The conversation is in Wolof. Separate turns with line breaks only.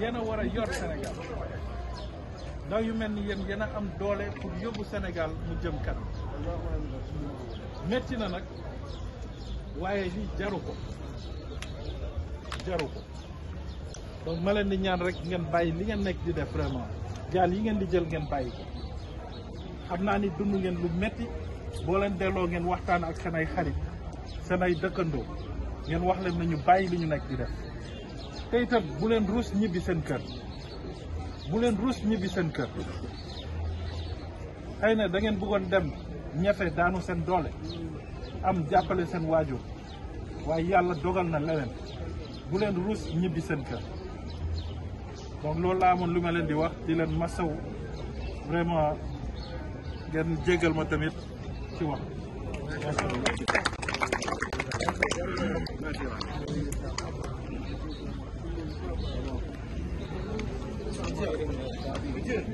yéen a war a yor Sénégal ndaw yu mel ni yéen yéen a am doole pour yóbbu senegal mu jëm kanam metti na nag waaye lii jaru ko jaru ko donc ma leen di ñaan rek ngeen bàyyi li ngeen nekk di def vraiment gaal yi ngeen di jël ngeen bàyyi ko xam naa ni dund ngeen lu metti boo leen delloo ngeen waxtaan ak seen ay xarit seen ay dëkkandoo ngeen wax leen nañu bàyyi li ñu nekk di def Kita itam Rus leen ruus ñibbi seen kër bu leen ruus ñibbi seen na da ngeen dem ñefe daanu seen doole am jàppale seen waajur waaye yàlla dogal na leneen bu leen ruus ñibbi seen kër donc loolu laa amoon lu ma leen di wax di leen masaw vraiment ngeen ma tamit ci
进。